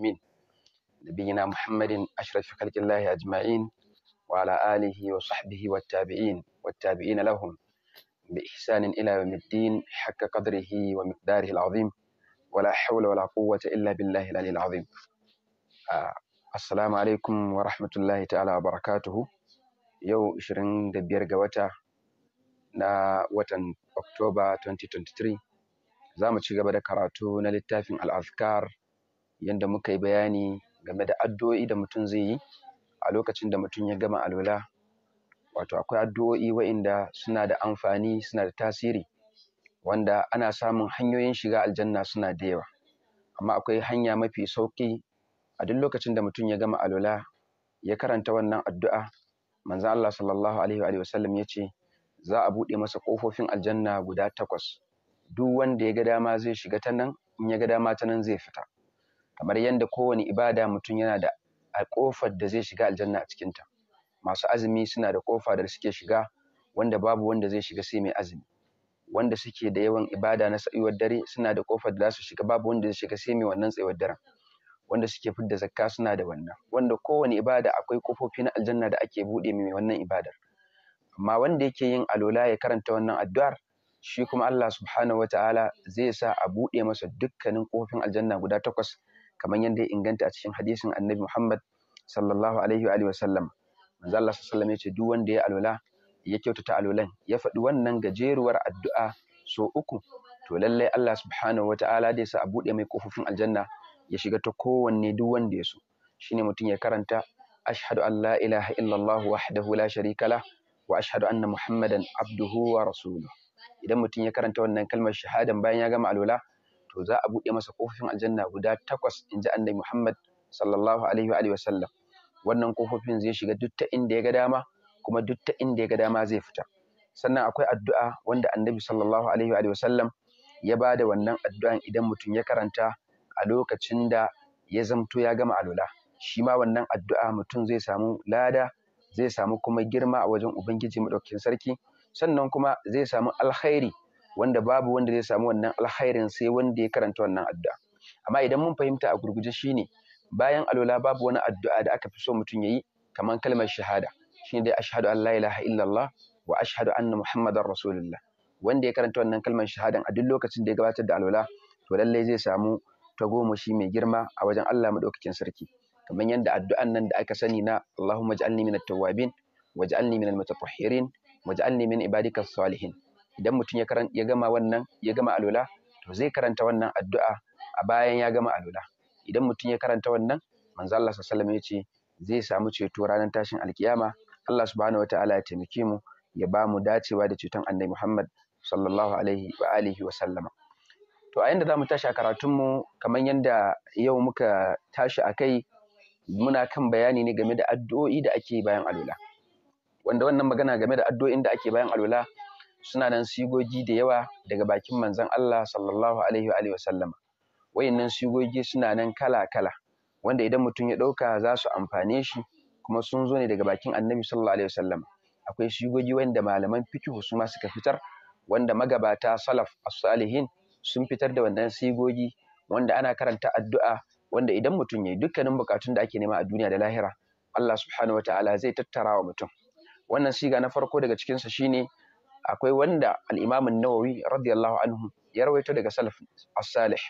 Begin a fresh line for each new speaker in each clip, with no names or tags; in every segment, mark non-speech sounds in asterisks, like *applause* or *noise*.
المؤمن نبينا محمد أشرف خلق الله أجمعين وعلى آله وصحبه والتابعين والتابعين لهم بإحسان إلى يوم الدين حق قدره ومقداره العظيم ولا حول ولا قوة إلا بالله العلي العظيم آه. السلام عليكم ورحمة الله تعالى وبركاته يو 25 ga wata na watan Oktoba 2023 za mu ci gaba da karatu na littafin al'azkar yanda muka yi bayani game da addu'o'i da mutum zai yi a lokacin da mutum ya gama alwala wato akwai addu'o'i wa'inda suna da amfani suna da tasiri wanda ana samun hanyoyin shiga aljanna suna da yawa amma akwai hanya mafi sauƙi a duk lokacin da mutum ya gama alwala ya karanta wannan addu'a manzon Allah sallallahu alaihi wa sallam ya ce za a buɗe masa ƙofofin aljanna guda takwas duk wanda ya ga dama zai shiga ta nan in ya ga dama ta nan zai fita kamar yadda kowane ibada mutum yana da ƙofar da zai shiga aljanna a cikinta masu azumi suna da kofa da suke shiga wanda babu wanda zai shiga sai mai azumi wanda suke da yawan ibada na tsayuwar dare suna da ƙofar da za su shiga babu wanda zai shiga sai mai wannan tsayuwar daren wanda suke fidda zakka suna da wannan wanda kowane ibada akwai ƙofofi na aljanna da ake buɗe mai wannan ibadar amma wanda yake yin alola ya karanta wannan addu'ar shi kuma Allah subhanahu wataala zai sa a buɗe masa dukkanin ƙofofin aljanna guda takwas kamar yadda ya inganta a cikin hadisin annabi Muhammad sallallahu alaihi wa alihi wa sallam manzo Allah sallallahu alaihi ce duk wanda ya alwala ya kyautata alwalan ya faɗi wannan gajeruwar addu'a so uku to lallai Allah subhanahu wataala da sa a buɗe mai kofofin aljanna ya shiga ta kowanne duk wanda ya so shine mutum ya karanta ashhadu an la ilaha illallah wahdahu la sharika lah wa ashhadu anna muhammadan abduhu wa rasuluhu idan mutum ya karanta wannan kalmar shahadan bayan ya gama alwala to za a buɗe masa kofofin aljanna guda takwas in ji annabi Muhammad sallallahu alaihi wa sallam wannan kofofin zai shiga duk ta inda ya ga dama kuma duk ta inda ya ga dama zai fita sannan akwai addu'a wanda annabi sallallahu alaihi wa sallam ya ba da wannan addu'an idan mutum ya karanta a lokacin da ya zamto ya gama alula shi ma wannan addu'a mutum zai samu lada zai samu kuma girma a wajen ubangiji madaukakin sarki sannan kuma zai samu alkhairi wanda babu wanda zai samu wannan alkhairin sai wanda ya karanta wannan addu'a amma idan mun fahimta a gurguje shine bayan alwala babu wani addu'a da aka fi so mutum yayi kamar kalmar shahada shine dai ashhadu an la ilaha illallah wa ashhadu anna muhammadar rasulullah wanda ya karanta wannan kalmar shahadan a duk lokacin da ya gabatar da alwala to lallai zai samu ta tagomashi mai girma a wajen Allah madaukakin sarki kamar yadda addu'an nan da aka sani na Allahumma ij'alni minat tawwabin waj'alni minal mutatahhirin waj'alni min ibadikas salihin idan mutum ya karanta ya gama wannan ya gama alwala to zai karanta wannan addu'a a bayan ya gama alwala idan mutum ya karanta wannan manzo Allah sallallahu alaihi wasallam ya ce zai samu ceto ranar tashin alkiyama Allah subhanahu wataala ya taimake mu ya ba mu dacewa da ceton annabi Muhammad sallallahu alaihi wa alihi wa sallama to a yanda zamu tashi a karatun mu kamar yanda yau muka tashi akai muna kan bayani ne game da addu'o'i da ake bayan alola. wanda wannan magana game da addu'o'in da ake bayan alwala suna nan sigogi da yawa daga bakin manzon Allah sallallahu alaihi wa alihi wayannan sigogi suna nan kala kala wanda idan mutum ya dauka za su amfane shi kuma sun zo ne daga bakin annabi sallallahu alaihi wasallama akwai sigogi wanda malaman fikihu su ma suka fitar wanda magabata salaf as-salihin sun fitar da wannan sigogi wanda ana karanta addu'a wanda idan mutum yayi dukkanin bukatun da ake nema a duniya da lahira Allah subhanahu wataala zai tattara wa mutum wannan siga na farko daga cikinsa shine akwai wanda al-Imam nawawi radiyallahu anhu ya rawaito daga salaf as-salih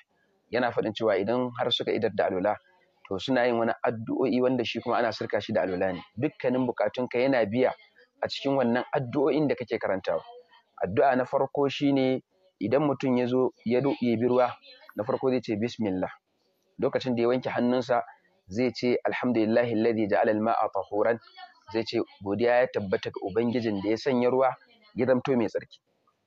yana faɗin cewa idan har suka idar da alula to suna yin wani addu'o'i wanda shi kuma ana sirka shi da alula ne dukkanin ka yana biya a cikin wannan addu'o'in da kake karantawa addu'a na farko shine idan mutum ya zo ya bi ruwa na farko zai ce bismillah lokacin da ya wanke hannunsa zai ce alhamdulillahi alladhi ja'ala al-ma'a tahuran zai ce godiya ya tabbata ga ubangijin da ya sanya ruwa ya zamto mai tsarki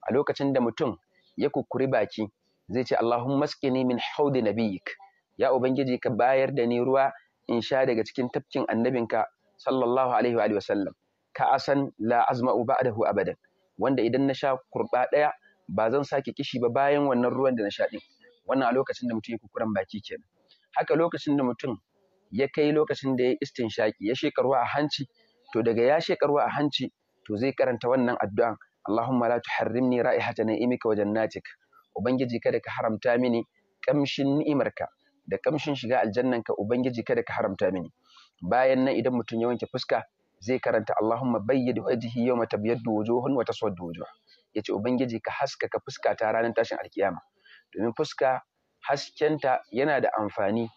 a lokacin da mutum ya kukuri baki zai ce Allahumma ne min haudi nabiyik ya ubangiji ka bayar da ni ruwa in sha daga cikin tafkin annabinka sallallahu alaihi wa sallam ka asan la ba da abadan wanda idan na sha kurba ɗaya, ba zan sake kishi ba bayan wannan ruwan da na sha ɗin. wannan a lokacin da mutum ya kukuran baki kenan haka lokacin da mutum ya kai lokacin da ya istinshaki ya shekaru a hanci to daga ya shekaru a hanci to zai karanta wannan addu'an Allahumma la tuharrimni ra'ihata na'imika wa jannatik ubangiji kada ka haramta mini kamshin ni'imarka da kamshin shiga aljannanka ubangiji kada ka haramta mini bayan nan idan mutum ya wanke fuska zai karanta Allahumma bayyid wajhi yawma tabyaddu wujuhun wa taswaddu wujuh yace ubangiji ka ka fuska ta ranar tashin alkiyama domin fuska haskenta yana da amfani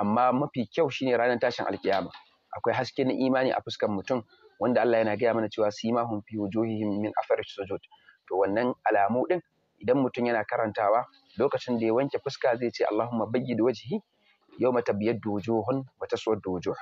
amma mafi kyau shine ranar tashin alkiyama akwai haske na imani a fuskan mutum wanda Allah yana gaya mana cewa hum fi wujuhihim min athari sujud to wannan alamu din idan mutum yana karantawa lokacin da ya wanke fuska zai ce Allahumma bayyid wajhi yawma tabyaddu wujuhun wa taswaddu wujuh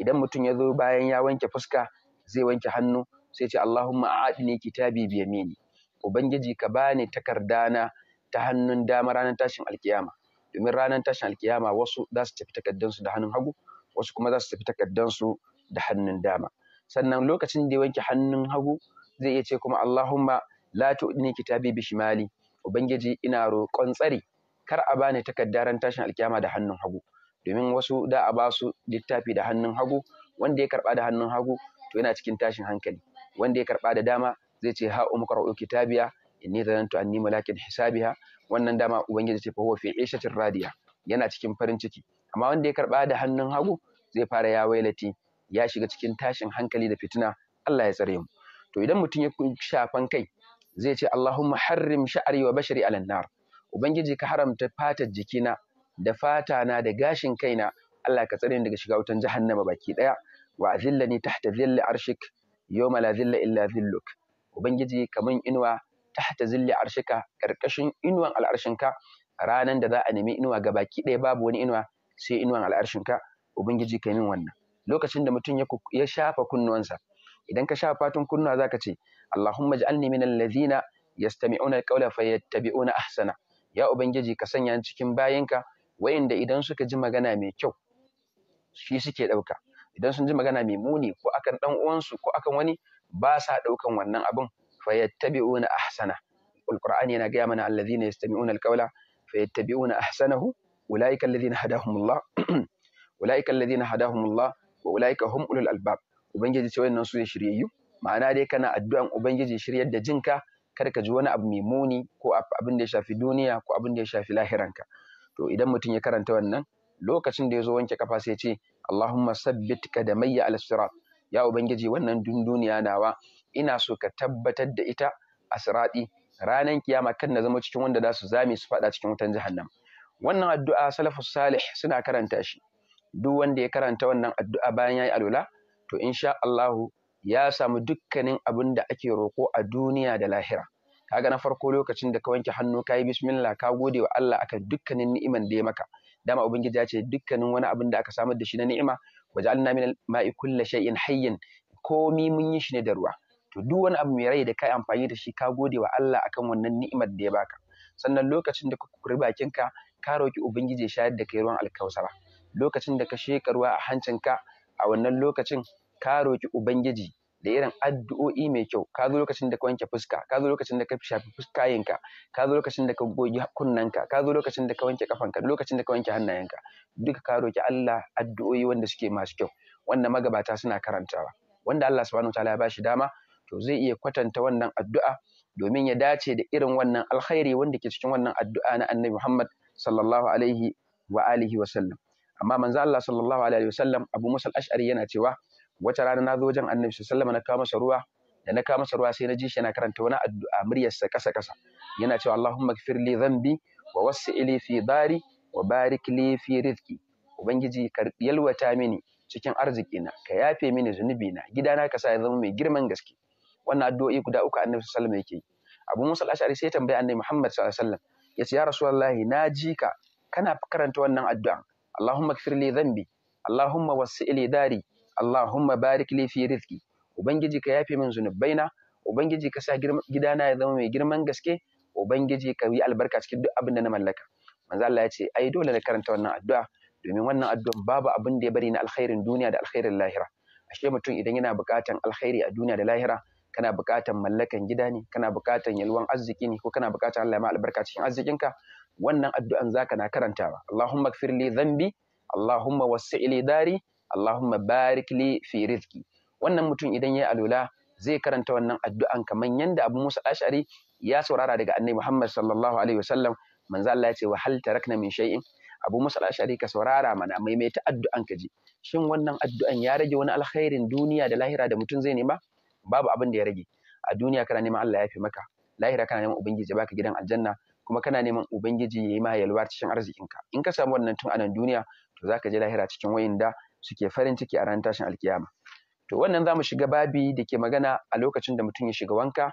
idan mutum ya zo bayan ya wanke fuska zai wanke hannu sai ce Allahumma a'adni kitabi bi yamini ubangiji ka bani takardana ta hannun dama ranar tashin alkiyama domin ranar tashin alkiyama wasu za su tafi takardansu da hannun hagu wasu kuma za su tafi takardansu da hannun dama sannan lokacin da ya wanke hannun hagu zai iya ce kuma Allahumma la tu'dini kitabi bi shimali ubangiji ina roƙon tsari kar a bani takaddaran tashin alkiyama da hannun hagu domin wasu da a basu littafi da hannun hagu wanda ya karba da hannun hagu to yana cikin tashin hankali wanda ya karba da dama zai ce ha umqra'u kitabiya inni zanantu anni malakin hisabiha wannan dama ubangiji ce fa huwa fi ishatin radiya yana cikin farin ciki amma wanda ya karba da hannun hagu zai fara ya wailati ya shiga cikin tashin hankali da fitina Allah ya tsare mu to idan mutum ya shafan kai zai ce Allahumma harrim sha'ri wa bashari ala nar ubangiji ka haramta fatar jikina da fata na da gashin kaina Allah ka tsare ni daga shiga wutan jahannama baki daya wa zillani tahta zilli arshik yawma la zilla illa zilluk ubangiji kaman inuwa tahta zilli arshika karkashin inuwan al'arshinka ranan da za a nemi inuwa ga baki daya babu wani inuwa sai inuwan al'arshinka ubangiji kai min wannan lokacin da mutum ya shafa kunnuwansa idan ka shafa fatun kunnuwa zaka ce Allahumma ij'alni minal ladhina yastami'una alqawla fayattabi'una ahsana ya ubangiji ka sanya ni cikin bayinka wayanda idan suka ji magana mai kyau shi suke dauka idan sun ji magana mai muni ko akan dan uwansu ko akan wani ba sa daukan wannan abin fayattabi'una ahsana alqur'ani yana gaya mana alladhina yastami'una alqawla fayattabi'una ahsanahu ulaika alladhina hadahumullah *clears throat* ulaika alladhina hadahumullah wa ulaika hum ulul albab ubangiji ce wannan su ne shiryayyu ma'ana dai kana addu'an ubangiji shiryar da jinka Kar ka ji wani abu mai muni ko abin da ya shafi duniya ko abin da ya shafi lahiranka to idan mutum ya karanta wannan lokacin da ya zo wanke kafa sai ce Allahumma sabbit qadamayya ala sirat ya ubangiji wannan dunduniya nawa ina so ka tabbatar da ita a sirati ranan kiyama kan na zama cikin wanda za su zame su fada cikin wutan jahannam wannan addu'a salafus salih suna karanta shi duk wanda ya karanta wannan addu'a bayan ya yi alwala to insha Allahu ya samu dukkanin abin da ake roko a duniya da lahira kaga na farko lokacin da ka wanke hannu kayi bismillah ka gode wa Allah akan dukkanin ni'iman da ya maka dama ubangiji ya ce dukkanin wani abin da aka samar da shi na ni'ima waja'alna min al-ma'i kulli shay'in hayyin komi mun yi shi ne da ruwa to duk wani abu mai rai da kai amfani da shi ka gode wa Allah akan wannan ni'imar da ya baka sannan lokacin da ka kuri bakinka ka roki ubangiji ya shayar da kai ruwan alkausara lokacin da ka sheƙa ruwa a hancinka a wannan lokacin ka roƙi ubangiji da irin addu'o'i mai kyau ka zo lokacin da ka wanke fuska ka zo lokacin da ka shafi fuskayenka ka zo lokacin da ka goge kunnanka ka zo lokacin da ka wanke kafanka lokacin da ka wanke hannayenka duka ka roki Allah addu'o'i wanda suke masu kyau wanda magabata suna karantawa wanda Allah subhanahu wataala ya bashi dama to zai iya kwatanta wannan addu'a domin ya dace da irin wannan alkhairi wanda ke cikin wannan addu'a na Annabi Muhammad sallallahu alaihi wa alihi wa sallam amma manzo Allah sallallahu alaihi wasallam Abu Musa al-Ash'ari yana cewa wata rana na zo wajen Annabi sallallahu alaihi wasallam na kawo masa ruwa da na kawo masa ruwa sai na ji shi yana karanta wani addu'a sa kasa kasa yana cewa Allahumma ighfir li dhanbi wa wassi' li fi dari wa barik li fi rizqi ubangiji ka yalwata mini cikin arzikina ka yafe mini zunubina gidana ka sa ya zama mai girman gaske wannan addu'o'i guda uku annabi sallallahu alaihi wasallam yake abu musa al-ashari sai tambayi annabi muhammad sallallahu alaihi wasallam yace ya rasulullahi na ji ka kana karanta wannan addu'an Allahumma kfir li dhanbi Allahumma wasi li dari Allahumma barik li fi ubangiji ka yafe min na. ubangiji ka sa gidana ya zama mai girman gaske ubangiji ka yi albarka cikin duk abin da na mallaka manzo Allah ya ce ai dole na karanta wannan addu'a domin wannan addu'an babu abin da ya bari na alkhairin duniya da alkhairin lahira ashe mutum idan yana buƙatan alkhairi a duniya da lahira kana buƙatan mallakan gida ne kana buƙatan yalwan arziki ne ko kana buƙatan Allah ya ma albarka cikin arzikinka wannan addu'an zaka na karantawa Allahumma ighfir li dhanbi Allahumma wassi' li dari Allahumma barik li fi rizqi wannan mutum idan ya alula zai karanta wannan addu'an kamar yanda Abu Musa Ash'ari ya saurara daga Annabi Muhammad sallallahu alaihi wasallam manzo Allah ya ce wa hal tarakna min shay'in Abu Musa Ash'ari ka saurara mana ta addu'an ka ji shin wannan addu'an ya rage wani alkhairin duniya da lahira da mutum zai nema babu abin da ya rage a duniya kana neman Allah ya fi maka lahira kana neman ubangiji baka gidan aljanna kuma kana neman ubangiji ya yi ma yalwa cikin arzikinka in ka samu wannan tun a nan duniya to za ka je lahira cikin wayanda suke farin ciki a ran tashin alkiyama to wannan za mu shiga babi da ke magana a lokacin da mutum ya shiga wanka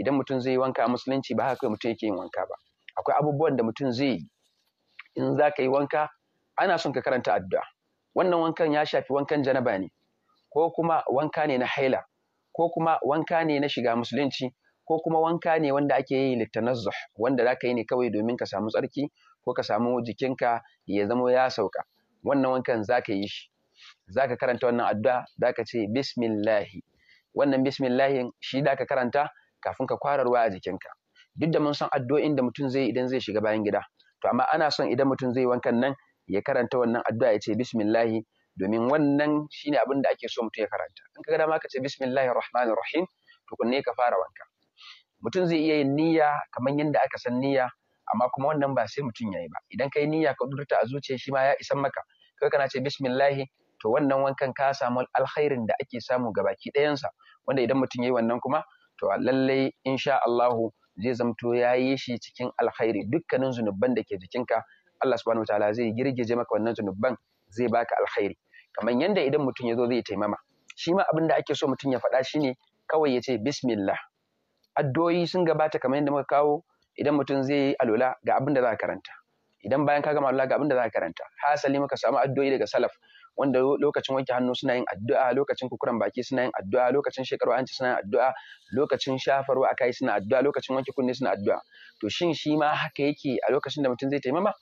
idan mutum zai yi wanka a musulunci ba haka kawai mutum yake yin wanka ba akwai abubuwan da mutum zai yi in za ka yi wanka ana son ka karanta addu'a wannan wankan ya shafi wankan janaba ne ko kuma wanka ne na haila ko kuma wanka ne na shiga musulunci ko kuma wanka ne wanda ake yi litanazzuh wanda za ka yi ne kawai domin ka samu tsarki ko ka samu jikinka ya zama ya sauka wannan wankan za ka yi shi Za ka karanta wannan addu'a ka ce bismillahi wannan bismillahi shi da ka karanta kafin ka kwara ruwa a jikinka duk da mun san addu'o'in da mutum zai idan zai shiga bayan gida to amma ana son idan mutum zai wankan nan ya karanta wannan addu'a ya ce bismillahi domin wannan shine abin da ake so mutum ya karanta in ka ga dama ka ce bismillahir rahmanir rahim to kunne ka fara wanka mutum zai iya yin niyya kamar yadda aka san niyya amma kuma wannan ba sai mutum ya yi ba idan kai niyya ka durta a zuciya shi ma ya isan maka kai kana ce bismillahi to wannan wankan ka samu alkhairin da ake samu ga baki ɗayansa wanda idan mutum ya yi wannan kuma to lallai insha Allah zai zamto ya yi shi cikin alkhairi dukkanin zunubban da ke jikinka Allah subhanahu wataala zai girgije maka wannan zunubban zai baka alkhairi kamar yadda idan mutum ya zo zai taimama shi ma abin da ake so mutum ya faɗa shine kawai ya ce bismillah addu'o'i sun gabata kamar yadda muka kawo idan mutum zai yi alula ga abin da za ka karanta idan bayan ka gama alula ga abin da za ka karanta hasali muka samu addu'o'i daga salaf wanda lokacin wanke hannu suna yin addu'a lokacin kukuran baki suna yin addu'a lokacin shekaru hanci suna yin addu'a lokacin shafarwa akai suna addu'a lokacin wanke kunne suna addu'a to shin shi ma haka yake a lokacin da mutum zai taimama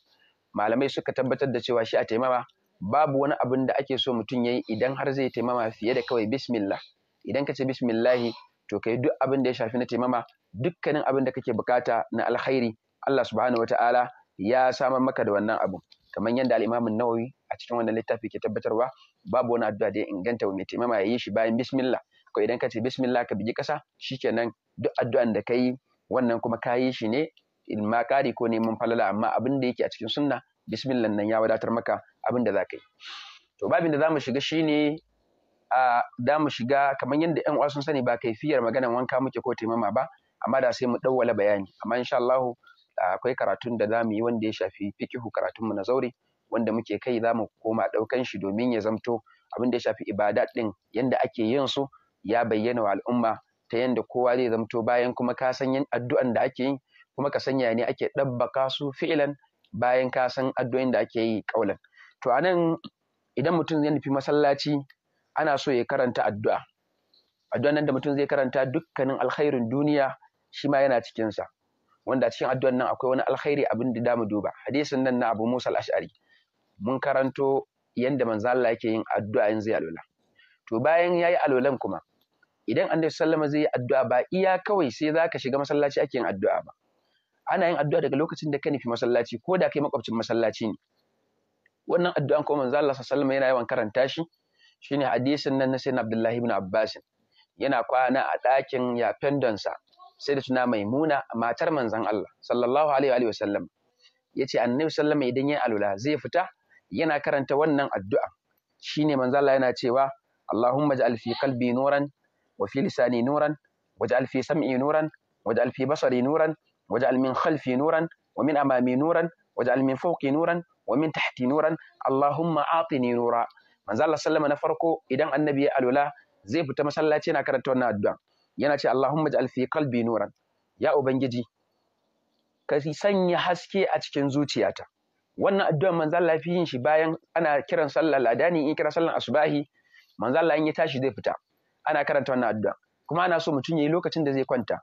malamai suka tabbatar da cewa shi a taimama babu wani abin da ake so mutum yayi idan har zai taimama fiye da kawai bismillah idan ka ce bismillahi to kai duk abin da ya shafi na taimama dukkanin abin da kake bukata na alkhairi Allah subhanahu wataala ya samar maka da wannan abu kamar yadda al-Imam nawawi a cikin wannan littafi ke tabbatarwa babu wani addu'a da ya inganta mai taimama ya yi shi bayan bismillah ko idan ka ce bismillah ka bigi kasa shikenan duk addu'an da ka yi wannan kuma ka yi shi ne ilma ƙari ko neman falala amma abin da yake a cikin sunna bismillah nan ya wadatar maka abin da za ka yi to babin da za mu shiga shine da mu shiga kamar yadda ƴan uwa sun sani ba kaifiyar maganan wanka muke ko taimama ba amma da sai mu ɗauwala bayani amma insha Allah akwai karatun da zamu yi wanda ya shafi fikihu karatun mu na zaure wanda muke kai zamu koma ɗaukan shi domin ya zamto abin da ya shafi ibada ɗin yanda ake yin su ya bayyana wa al'umma ta yanda kowa zai zamto bayan kuma ka san yin addu'an da ake yi kuma ka sanya ne ake dabbaka su fi'ilan bayan ka san addu'o'in da ake yi ƙaulan to anan idan mutum ya nufi masallaci ana so ya karanta addu'a addu'an nan da mutum zai karanta dukkanin alkhairin duniya shi ma yana cikinsa wanda cikin addu'an nan akwai wani alkhairi abin da damu duba hadisin nan na abu musa al-ash'ari mun karanto yanda manzo Allah yake yin addu'a yin zai alwala to bayan yayi alwalan kuma idan annabi sallama zai yi addu'a ba iya kawai sai zaka shiga masallaci ake yin addu'a ba ana yin addu'a daga lokacin da ka nufi masallaci ko da kai makwabcin masallaci ne wannan addu'an kuma manzo Allah sallama yana yawan karanta shi shine hadisin nan na sayyidina Abdullahi ibn Abbas yana kwana a ɗakin yafendonsa sai da suna maimuna matar manzon Allah sallallahu alaihi wa sallam yace annabi sallama idan ya alula zai fita yana karanta wannan addu'a shine manzon Allah yana cewa Allahumma ij'al fi qalbi nuran wa fi lisani nuran waj'al fi sam'i nuran waj'al fi basari nuran waj'al min khalfi nuran wa min amami nuran waj'al min fawqi nuran wa min tahti nuran Allahumma atini nura manzo Allah sallama na farko idan annabi ya alwala zai fita masallaci yana karanta wannan addu'a yana ce Allahumma ij'al fi qalbi nuran ya ubangiji ka sanya haske a cikin zuciyata wannan addu'an manzo Allah fi yin shi bayan ana kiran sallar ladani in kira sallar asubahi manzo Allah in ya tashi zai fita ana karanta wannan addu'a kuma ana so mutum yayi lokacin da zai kwanta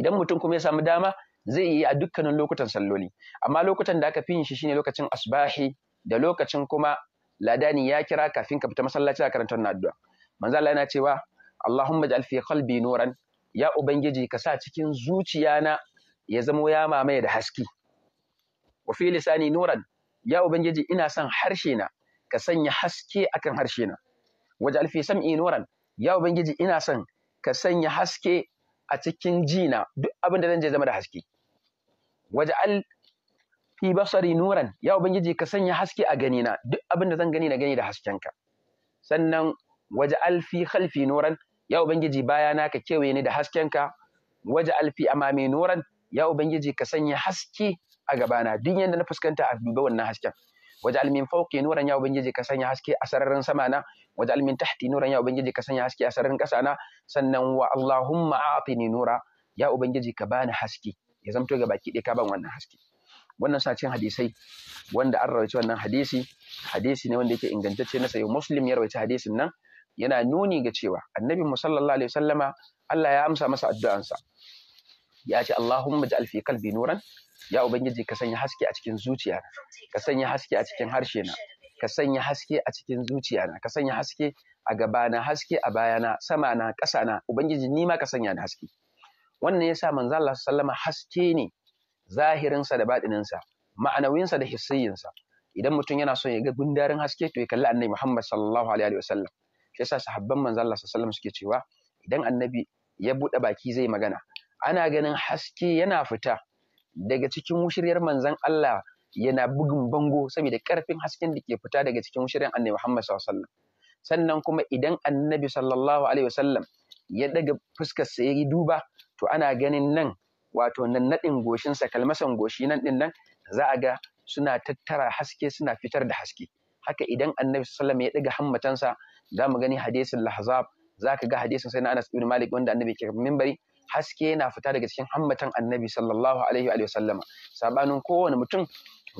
idan mutum kuma ya samu dama zai yi a dukkanin lokutan salloli amma lokutan da aka fi yin shi shine lokacin asubahi da lokacin kuma ladani ya kira kafin ka fita masallaci a karanta wannan addu'a manzo Allah yana cewa Allahumma ij'al fi qalbi nuran ya ubangiji ka sa cikin zuciyana ya zama ya mamaye da haske wa fi lisani nuran ya ubangiji ina son harshe na ka sanya haske akan harshe na waj'al fi sam'i nuran ya ubangiji ina son ka sanya haske a cikin jina duk abin da zan je zama da haske waj'al fi basari nuran ya ubangiji ka sanya haske a gani na duk abin da zan gani na gani da haskenka sannan waje alfi khalfi nuran ya ubangiji bayana ka kewaye ni da haskenka waje alfi amami nuran ya ubangiji ka sanya haske a gabana duk yanda na fuskanta a duba wannan hasken waje almin fauki nuran ya ubangiji ka sanya haske a sararin sama na waje almin tahti nuran ya ubangiji ka sanya haske a sararin ƙasa na sannan wa allahumma atini nura ya ubangiji ka bani haske ya zamto ga baki ɗaya ka ban wannan haske wannan sa hadisai wanda an rawaita wannan hadisi hadisi ne wanda yake ingantacce na sayo muslim ya rawaita hadisin nan yana nuni ga cewa annabi mu sallallahu alaihi wasallama Allah ya amsa masa addu'ansa ya ce Allahumma ja'al fi qalbi nuran ya ubangiji ka sanya haske a cikin zuciya ka sanya haske a cikin harshe na ka sanya haske a cikin zuciya na ka sanya haske a gabana haske a bayana sama na ƙasa na ubangiji ni ma ka sanya da haske wannan yasa manzo Allah sallama haske ne zahirinsa da baɗininsa ma'anawinsa da hissiyinsa idan mutum yana son ya ga gundarin haske to ya kalli annabi Muhammad sallallahu alaihi wasallam shi yasa sahabban manzo Allah sallallahu alaihi suke cewa idan annabi ya buɗe baki zai magana ana ganin haske yana fita daga cikin mushiryar manzon Allah yana bugun bango saboda karfin hasken da ke fita daga cikin mushiryar annabi Muhammad sallallahu alaihi wasallam sannan kuma idan annabi sallallahu alaihi wasallam ya daga fuskar sa ya duba to ana ganin nan wato nan naɗin goshinsa kalmasan goshi nan ɗin nan za a ga suna tattara haske suna fitar da haske haka idan annabi sallam ya ɗiga hammatansa za mu gani hadisin lahzab za ka ga hadisin sai na anas ibn malik wanda annabi ke minbari haske yana fita daga cikin hammatan annabi sallallahu alaihi wa sallama sabanin kowane mutum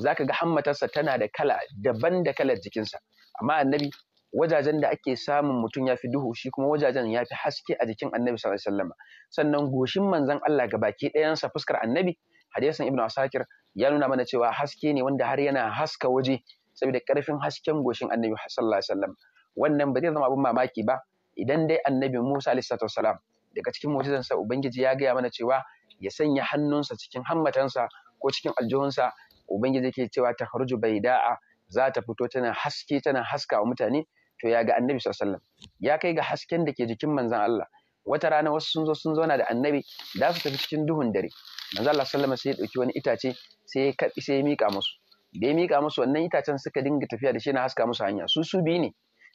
zaka ga hammatarsa tana da kala daban da kalar jikinsa amma annabi wajajen da ake samun mutum ya fi duhu shi kuma wajajen ya fi haske a jikin annabi sallallahu alaihi wasallam sannan goshin manzon Allah ga baki ɗayansa fuskar annabi hadisin ibnu asakir ya nuna mana cewa haske ne wanda har yana haska waje saboda ƙarfin hasken goshin annabi sallallahu alaihi wasallam wannan ba zai zama abin mamaki ba idan dai annabi Musa alaihi salatu daga cikin mu'jizansa ubangiji ya gaya mana cewa ya sanya hannunsa cikin hammatansa ko cikin aljihunsa ubangiji yake cewa ta bai da'a za ta fito tana haske tana haska wa mutane to ya ga annabi sallam ya kai ga hasken da ke jikin Manzan Allah wata rana wasu sun zo sun zauna da annabi da su tafi cikin duhun dare manzan Allah sallallahu sai ya dauki wani itace sai ya sai ya mika musu da ya mika musu wannan itacen suka dinga tafiya da shi na haska musu hanya su su biyu ne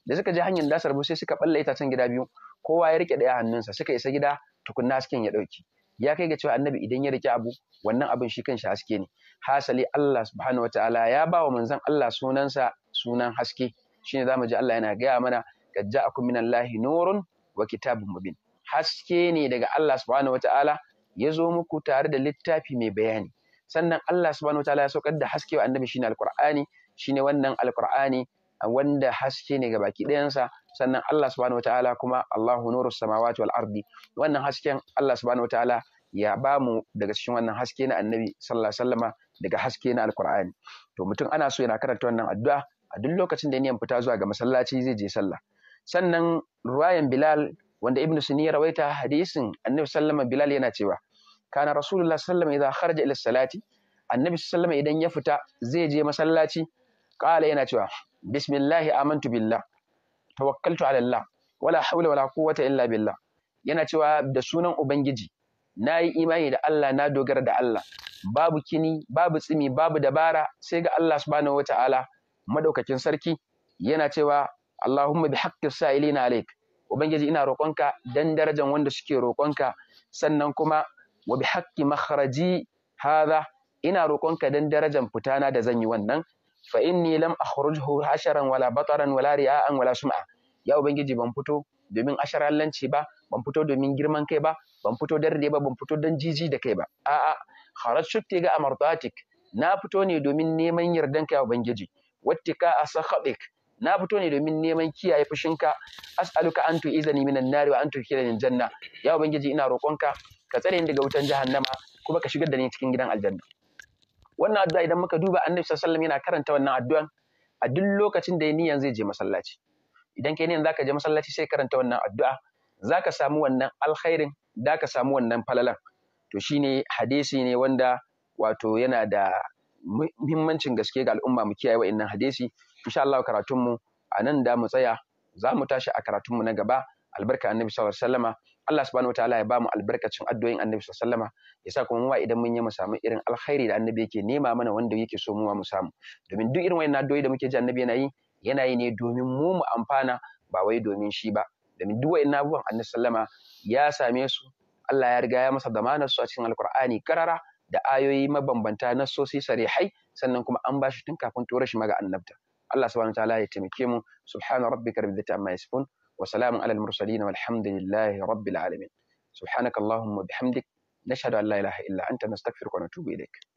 da suka je hanyar dasar sai suka balla itacen gida biyu kowa ya rike daya hannunsa suka isa gida tukunna hasken ya dauki ya kai ga cewa annabi idan ya rike abu wannan abin shi kanshi haske ne hasali Allah subhanahu wataala ya ba wa Manzan Allah sunansa sunan haske shine zamu ji Allah yana gaya mana kad ja'akum minallahi nurun wa kitabun mubin haske ne daga Allah subhanahu wataala ya zo muku tare da littafi mai bayani sannan Allah subhanahu wataala ya saukar da haske wa annabi shine alqur'ani shine wannan alqur'ani wanda haske ne ga baki ɗayansa sannan Allah subhanahu wataala kuma Allahu nuru samawati wal ardi wannan hasken Allah subhanahu wataala ya ba mu daga cikin wannan haske na annabi sallallahu alaihi wasallama daga haske na alqur'ani to mutum ana so yana karanta wannan addu'a a duk lokacin da niyan fita zuwa ga masallaci zai je sallah sannan ruwayan bilal wanda ibnu suni ya rawaita hadisin annabi sallama bilal yana cewa kana rasulullah sallama idan kharaja ila salati annabi sallama idan ya fita zai je masallaci qala yana cewa bismillahi amantu billah tawakkaltu ala allah wala hawla wala quwwata illa billah yana cewa da sunan ubangiji nayi imani da Allah na dogara da Allah babu kini babu tsimi babu dabara sai ga Allah subhanahu wataala madaukakin sarki yana cewa Allahumma bi haqqis sa'ilina alayk ubangiji ina roƙonka dan darajan wanda suke roƙonka sannan kuma wa bi haqqi makhraji hadha ina roƙonka dan darajan fitana da zan yi wannan fa inni lam akhrujhu hasharan wala bataran wala ri'an wala sum'a ya ubangiji ban fito domin asharallanci ba ban fito domin girman kai ba ban fito dan ba ban fito dan jiji da kai ba a'a kharajtu ga amartatik na fito ne domin neman yardan ka ya ubangiji wattika a sakhadik na fito ne domin neman kiyaye fushinka as'aluka an tu'izani minan nari wa an min janna ya ubangiji ina roƙonka ka tsare ni daga wutan jahannama kuma ka shigar da ni cikin gidan aljanna wannan addu'a idan muka duba annabi sallallahu alaihi yana karanta wannan addu'an a duk lokacin da niyan zai je masallaci idan kai niyan zaka je masallaci sai karanta wannan addu'a zaka samu wannan alkhairin zaka ka samu wannan falalan to shine hadisi ne wanda wato yana da muhimmancin gaske ga al'umma mu kiyaye wa'annan hadisi insha Allah karatunmu a nan da mu tsaya za mu tashi a karatunmu na gaba albarka annabi sallallahu alaihi wasallama Allah subhanahu wataala ya bamu albarkacin addu'o'in annabi sallallahu alaihi wasallama yasa kuma wa idan mun yi mu samu irin alkhairi da annabi yake nema mana wanda yake so mu mu samu domin duk irin wayannan addu'o'i da muke ji annabi yana yi yana yi ne domin mu mu amfana ba wai domin shi ba domin duk wayannan abubuwan annabi sallama ya same su Allah ya riga ya masa damanar su a cikin alqur'ani karara da ayoyi mabambanta na sosi sarihai sannan kuma an bashi tun kafin tura shi maga annabta Allah subhanahu wataala ya taimake mu subhana rabbika rabbil izzati amma yasifun wa salamun alal mursalin walhamdulillahi rabbil alamin subhanakallahumma bihamdik nashhadu an la ilaha illa anta nastaghfiruka wa natubu ilaik